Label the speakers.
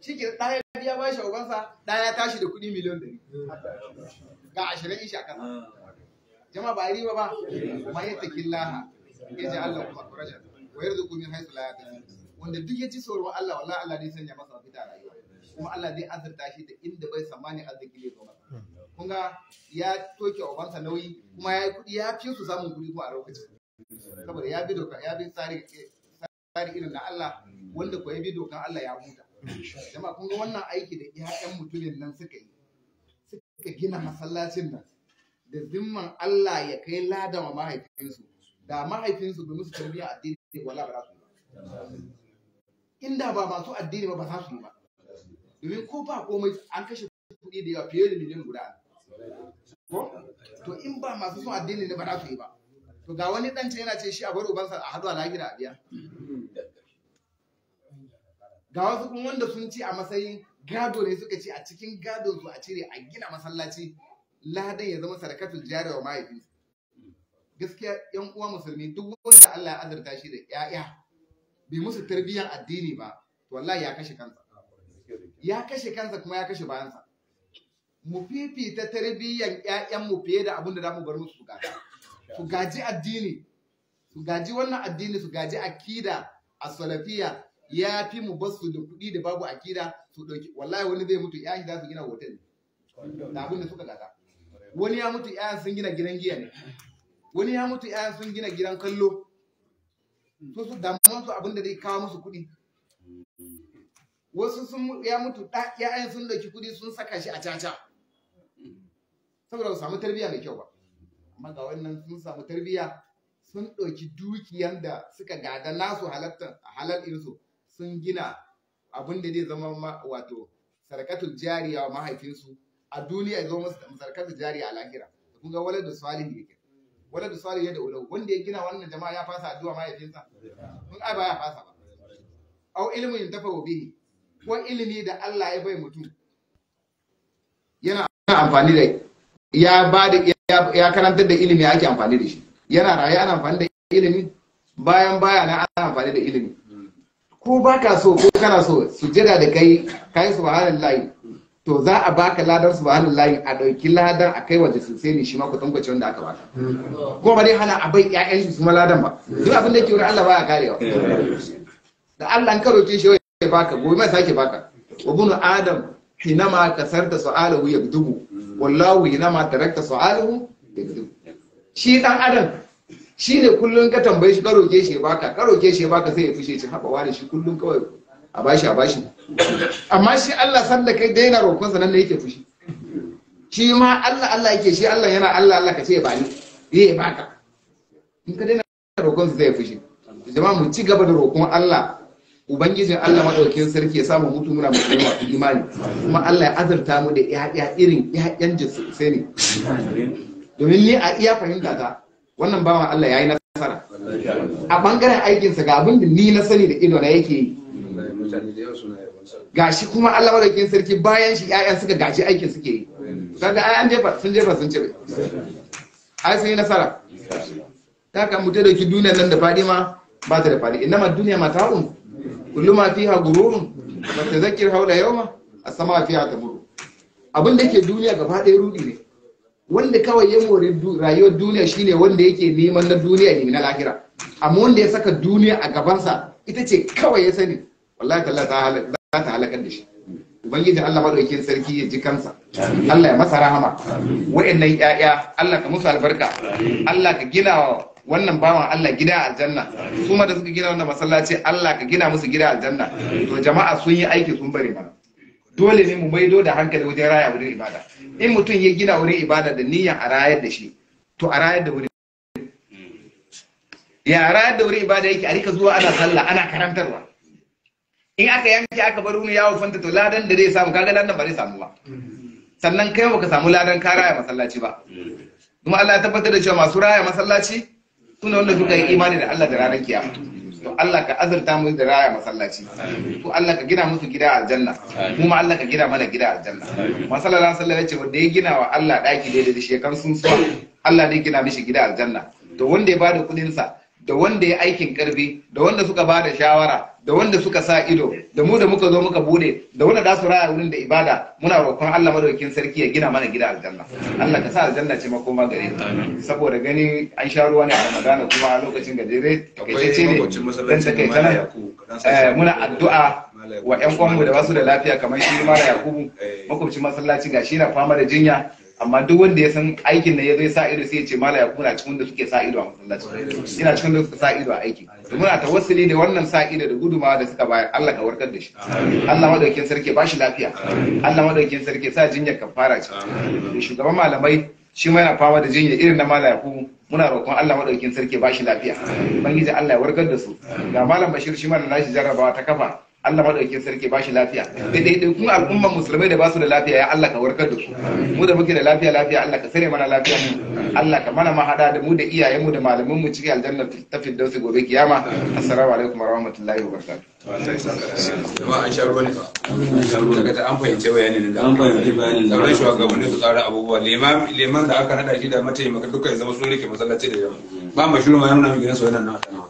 Speaker 1: Cikin ɗaya ya ba shi ubansa ɗaya ya tashi da kuɗi miliyan ɗari. Ga ashirin ishi a ƙasa. Jama ba a riba ba, ma ya taƙi laha
Speaker 2: ya ji Allah kuma
Speaker 1: kuraja wa yarda kuma haisu la ya Wanda duk ya ci tsoron Allah wala Allah zai sanya masa mafita rayuwa. Kuma Allah zai azurta shi da inda bai tsammani arziki zai zo masa. Kun ga ya toke ubansa nauyi kuma ya kuɗi ya fi su samun kuɗi ko a lokacin. Saboda ya bi doka ya bi tsari irin na Allah wanda ko ya bi dokan Allah ya huta. jama'a kun ga wannan aiki da ƴaƴan mutumin nan suka yi suka gina masallacin nan da zimman Allah ya kai lada wa mahaifinsu da mahaifinsu domin su tarbiya addini wala ba za su yi? inda ba masu addini ba ba za su yi ba domin ko ba komai an kashe kuɗi da yawa fiye da miliyan guda ko to in ba masu son addini ne ba za su yi ba to ga wani dan yana ce shi a bar ubansa a hadu a lahira a biya ga wasu kuma wanda sun ci a matsayin gado ne suka ci a cikin gadon su a cire a gina masallaci ladan ya zama sarakatul jari wa mahaifinsa gaskiya yan uwa musulmi duk wanda Allah ya azurta shi da 'ya'ya bai musu tarbiyyar addini ba to wallahi ya kashe kansa ya kashe kansa kuma ya kashe bayansa mu fifita tarbiyyar ƴaƴan mu fiye da abin da za mu bar musu gaji su gaji addini su gaji wannan addini su gaji akida a salafiya ya fi mu basu da kuɗi da babu akida su ɗauki wallahi wani zai mutu ya za su gina hotel da abin da suka gata wani ya mutu yayan sun gina gidan giya ne wani ya mutu yayan sun gina gidan kallo to su damuwan su abin da zai kawo musu kuɗi wasu sun ya mutu yayan sun ɗauki kuɗi sun saka shi a caca saboda su samu tarbiyya mai kyau ba amma ga wannan sun samu tarbiyya sun ɗauki dukiyan da suka gada nasu halattar halal irinsu sun gina abin da zai zama wato sarkatul jariya wa mahaifinsu a duniya ya zo musu sarkatul jariya a lahira kun ga waladu salihu yake waladu salihu ya da ulau wanda ya gina wannan jama'a ya fasa addu'a mahaifinsa kun ai ba ya fasa ba au ilmin yantafa bihi ko ilimi da Allah ya bai mutum yana amfani da ya ba da ya karantar da ilimi ake amfani da shi yana rayuwa ana amfani da ilimi bayan baya na ana amfani da ilimi ko ba ka so ko kana so su jira da kai kayi subhanallahi to za a baka ladar layi a dauki ladar a kai waje sosai ne shi ma kwatankwaci wanda aka baka ko ba dai hana a bai ƴaƴan shi su ma ladan ba duk abin da yake wurin Allah baya karewa da Allah an karoke shi ya baka gobe mai sake baka wa bunu adam hinama kasarta su'alahu yabdubu wallahu hinama tarakta su'alahu yabdubu shi dan adam shi ne kullum ka tambaye shi karo ke shi baka karo ke shi baka sai ya fushe shi haba wani shi kullum kawai a bashi a bashi amma shi Allah san da kai daina roƙon sa nan da yake fushi shi ma Allah Allah yake shi Allah yana Allah Allah ka ce ba ni eh baka in ka daina roƙon sa zai fushi jama'a mu ci gaba da roƙon Allah ubangijin Allah madaukakin sarki ya samu mutu muna mu kuma imani kuma Allah ya azurta mu da ƴaƴa irin ƴaƴan jinsu sai ne domin ni a iya fahimta ta wannan bawan Allah ya yi nasara a bangaren aikinsa ga abin da ni na sani da ido na yake yi gashi kuma Allah madaukakin sarki bayan shi ƴaƴan suka gashi aikin suke yi kaga ai an jefa sun jefa sun cire ai sun yi nasara ta kan mutu dauki duniyar nan da fadi ma ba ta da fadi inama duniya mata'un kullu ma fiha gururun wa tadhakkir haula yawma as-sama fiha tamur abin da yake duniya gaba ɗaya rudi ne wanda kawai ya more rayuwar duniya shine wanda yake neman na duniya ne na lahira amma wanda ya saka duniya a gabansa ita ce kawai ya sani wallahi ta za ta halakar da shi ubangiji Allah madaukakin sarki ya ji kansa Allah ya masa rahama wa'annan yaya Allah ka musu albarka Allah ka gina wa wannan bawan Allah gida aljanna su ma da suka gina wannan masallaci Allah ka gina musu gida aljanna to jama'a sun yi aiki sun bare mana dole ne mu maido da hankali wajen raya wurin ibada in mutum ya gina wurin ibada da niyyar a rayar da shi to a rayar da wurin ya rayar da wurin ibada yake a rika zuwa ana sallah ana karantarwa in aka yanke aka bar wani yawo fanta to ladan da zai samu kaga ladan ba zai samu ba sannan kai baka samu ladan ka raya masallaci ba kuma Allah ya tabbatar da cewa masu raya masallaci suna wanda suka yi imani da Allah da ranar kiyama to Allah ka azurta mu da raya masallaci to Allah ka gina musu gida aljanna mu ma Allah ka gina mana gida aljanna masallalan sallallahu alaihi wanda ya gina wa Allah daki daidai da shekarun sun so Allah ne gina mishi gida aljanna to wanda ya bada kudin sa da wanda ya aikin karfi da wanda suka ba da shawara da wanda suka sa ido da mu da muka zo muka bude da wanda za su raya wurin da ibada muna roƙon Allah madaukakin sarki ya gina mana gida aljanna Allah ka sa aljanna ce makoma gare mu saboda gani an sha ruwa ne a magana kuma a lokacin gajere ce ne dan takaitana eh, muna addu'a wa ƴan kwanmu da basu da lafiya kamar shi mara Yakubu eh. makwabcin masallaci gashi na fama da jinya eh. amma duk wanda ya san aikin da ya zai sa ido sai ya ce mala ya kuna cikin da suke sa ido a masallaci ina cikin da suka sa ido a aiki to muna tawassuli da wannan sa ido da gudumawa da suka bayar Allah ka warkar da shi Allah madaukakin sarki ba shi lafiya Allah madaukakin sarki sa jinyar fara ce shugaban malamai shi ma yana fama da jinya irin na mala ya muna roƙon Allah madaukakin sarki ba shi lafiya ubangiji Allah ya warkar da su ga malam Bashir shi ma na nashi jarrabawa ta kafa Allah madaukakin sarki ba shi lafiya da daidai kuma al'umman musulmai da ba su da lafiya ya Allah ka warkar da su mu da muke da lafiya lafiya Allah ka sare mana lafiya mu Allah ka mana mahada da mu da iyayen mu da malaman mu cikin aljanna ta firdausi gobe kiyama assalamu alaikum warahmatullahi wabarakatuh wa an sha ruwa ne daga ta an fahimci bayanin da an fahimce bayanin da sauran shugabanni su tsara abubuwa liman liman da aka hada shi da mataimaka duka ya zama sun rike masallaci da yamma ba mashuru ma yana nan gidan su yana nan a kanan